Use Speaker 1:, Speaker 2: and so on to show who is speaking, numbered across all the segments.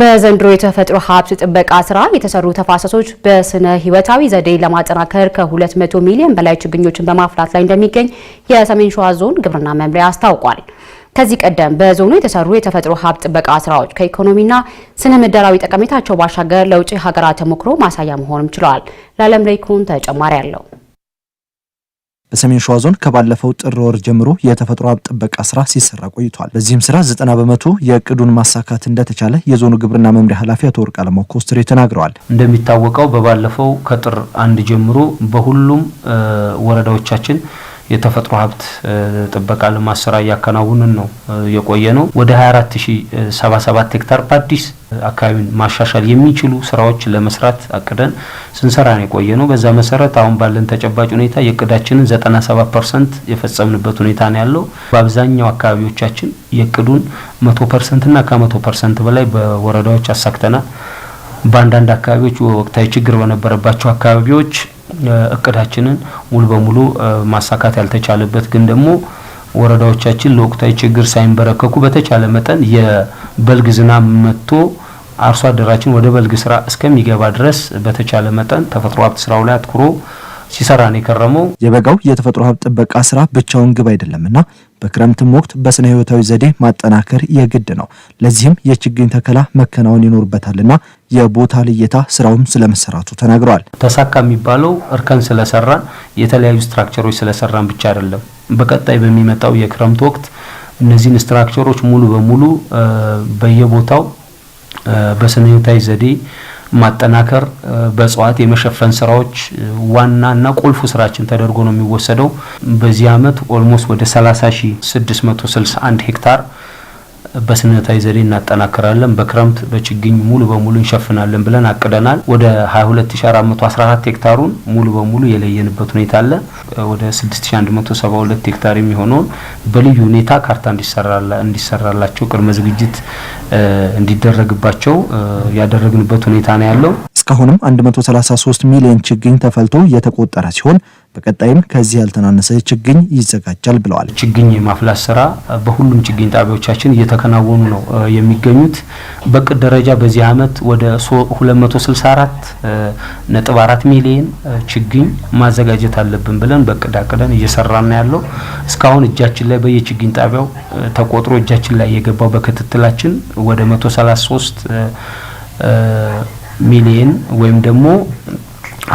Speaker 1: በዘንድሮ የተፈጥሮ ሀብት ጥበቃ ስራ የተሰሩ ተፋሰሶች በስነ ህይወታዊ ዘዴ ለማጠናከር ከ200 ሚሊዮን በላይ ችግኞችን በማፍራት ላይ እንደሚገኝ የሰሜን ሸዋ ዞን ግብርና መምሪያ አስታውቋል። ከዚህ ቀደም በዞኑ የተሰሩ የተፈጥሮ ሀብት ጥበቃ ስራዎች ከኢኮኖሚና ስነ ምህዳራዊ ጠቀሜታቸው ባሻገር ለውጭ ሀገራት ተሞክሮ ማሳያ መሆንም ችለዋል። ለዓለም ኩን ተጨማሪ አለው
Speaker 2: በሰሜን ሸዋ ዞን ከባለፈው ጥር ወር ጀምሮ የተፈጥሮ ሀብት ጥበቃ ስራ ሲሰራ ቆይቷል። በዚህም ስራ 90 በመቶ የእቅዱን ማሳካት እንደተቻለ የዞኑ ግብርና መምሪያ ኃላፊ አቶ ወርቅ አለማው ኮስትሬ ተናግረዋል።
Speaker 3: እንደሚታወቀው በባለፈው ከጥር አንድ ጀምሮ በሁሉም ወረዳዎቻችን የተፈጥሮ ሀብት ጥበቃ ልማት ስራ ነው የቆየ ነው። ወደ 24077 ሄክታር በአዲስ አካባቢን ማሻሻል የሚችሉ ስራዎች ለመስራት አቅደን ስንሰራ ነው የቆየ ነው። በዛ መሰረት አሁን ባለን ተጨባጭ ሁኔታ የእቅዳችንን 97 ፐርሰንት የፈጸምንበት ሁኔታ ነው ያለው። በአብዛኛው አካባቢዎቻችን የእቅዱን መቶ ፐርሰንትና ከመቶ ፐርሰንት በላይ በወረዳዎች አሳክተናል። በአንዳንድ አካባቢዎች ወቅታዊ ችግር በነበረባቸው አካባቢዎች እቅዳችንን ሙሉ በሙሉ ማሳካት ያልተቻለበት ግን ደግሞ ወረዳዎቻችን ለወቅታዊ ችግር ሳይንበረከኩ በተቻለ መጠን የበልግ ዝናብ መጥቶ አርሶ አደራችን ወደ በልግ ስራ እስከሚገባ ድረስ በተቻለ መጠን ተፈጥሮ ሀብት ስራው ላይ አትኩሮ ሲሰራ ነው የከረመው።
Speaker 2: የበጋው የተፈጥሮ ሀብት ጥበቃ ስራ ብቻውን ግብ አይደለምና በክረምትም ወቅት በስነ ህይወታዊ ዘዴ ማጠናከር የግድ ነው። ለዚህም የችግኝ ተከላ መከናወን ይኖርበታልና የቦታ ልየታ ስራውም ስለመሰራቱ ተናግረዋል።
Speaker 3: ተሳካ የሚባለው እርከን ስለሰራን የተለያዩ ስትራክቸሮች ስለሰራን ብቻ አይደለም። በቀጣይ በሚመጣው የክረምት ወቅት እነዚህን ስትራክቸሮች ሙሉ በሙሉ በየቦታው በስነኝታይ ዘዴ ማጠናከር በእጽዋት የመሸፈን ስራዎች ዋናና ቁልፉ ስራችን ተደርጎ ነው የሚወሰደው። በዚህ አመት ኦልሞስት ወደ 30661 ሄክታር በስነታዊ ዘዴ እናጠናክራለን፣ በክረምት በችግኝ ሙሉ በሙሉ እንሸፍናለን ብለን አቅደናል። ወደ 22414 ሄክታሩን ሙሉ በሙሉ የለየንበት ሁኔታ አለ። ወደ 6172 ሄክታር የሚሆነውን በልዩ ሁኔታ ካርታ እንዲሰራላቸው ቅድመ ዝግጅት እንዲደረግባቸው ያደረግንበት ሁኔታ ነው ያለው።
Speaker 2: እስካሁንም 133 ሚሊዮን ችግኝ ተፈልቶ የተቆጠረ ሲሆን በቀጣይም ከዚህ ያልተናነሰ ችግኝ ይዘጋጃል ብለዋል።
Speaker 3: ችግኝ የማፍላት ስራ በሁሉም ችግኝ ጣቢያዎቻችን እየተከናወኑ ነው የሚገኙት። በቅድ ደረጃ በዚህ አመት ወደ 4 ሚሊዮን ችግኝ ማዘጋጀት አለብን ብለን በቅድ አቅደን እየሰራን ያለው እስካሁን እጃችን ላይ በየችግኝ ጣቢያው ተቆጥሮ እጃችን ላይ የገባው በክትትላችን ወደ 133 ሚሊየን ወይም ደግሞ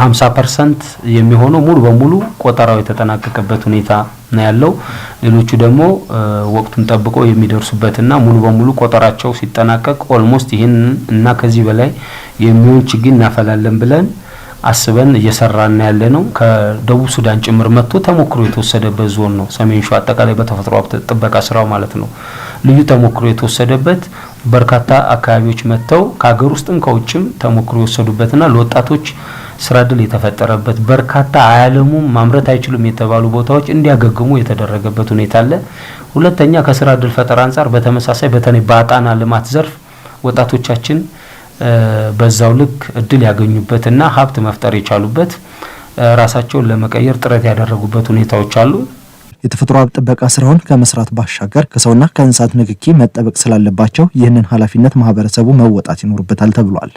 Speaker 3: 50% የሚሆነው ሙሉ በሙሉ ቆጠራው የተጠናቀቀበት ሁኔታ ነው ያለው። ሌሎቹ ደግሞ ወቅቱን ጠብቆ የሚደርሱበትና ሙሉ በሙሉ ቆጠራቸው ሲጠናቀቅ ኦልሞስት ይህን እና ከዚህ በላይ የሚሆን ችግኝ እናፈላለን ብለን አስበን እየሰራን ያለ ነው። ከደቡብ ሱዳን ጭምር መጥቶ ተሞክሮ የተወሰደበት ዞን ነው ሰሜን ሸዋ አጠቃላይ በተፈጥሮ ሀብት ጥበቃ ስራው ማለት ነው። ልዩ ተሞክሮ የተወሰደበት በርካታ አካባቢዎች መጥተው ከሀገር ውስጥም ከውጭም ተሞክሮ የወሰዱበትና ለወጣቶች ስራ እድል የተፈጠረበት በርካታ አያለሙም ማምረት አይችሉም የተባሉ ቦታዎች እንዲያገግሙ የተደረገበት ሁኔታ አለ። ሁለተኛ ከስራ እድል ፈጠራ አንጻር በተመሳሳይ በተለይ በአጣና ልማት ዘርፍ ወጣቶቻችን በዛው ልክ እድል ያገኙበትና ሀብት መፍጠር የቻሉበት ራሳቸውን ለመቀየር ጥረት ያደረጉበት ሁኔታዎች አሉ።
Speaker 2: የተፈጥሮ ሀብት ጥበቃ ስራውን ከመስራት ባሻገር ከሰውና ከእንስሳት ንክኪ መጠበቅ ስላለባቸው ይህንን ኃላፊነት ማህበረሰቡ መወጣት ይኖርበታል ተብሏል።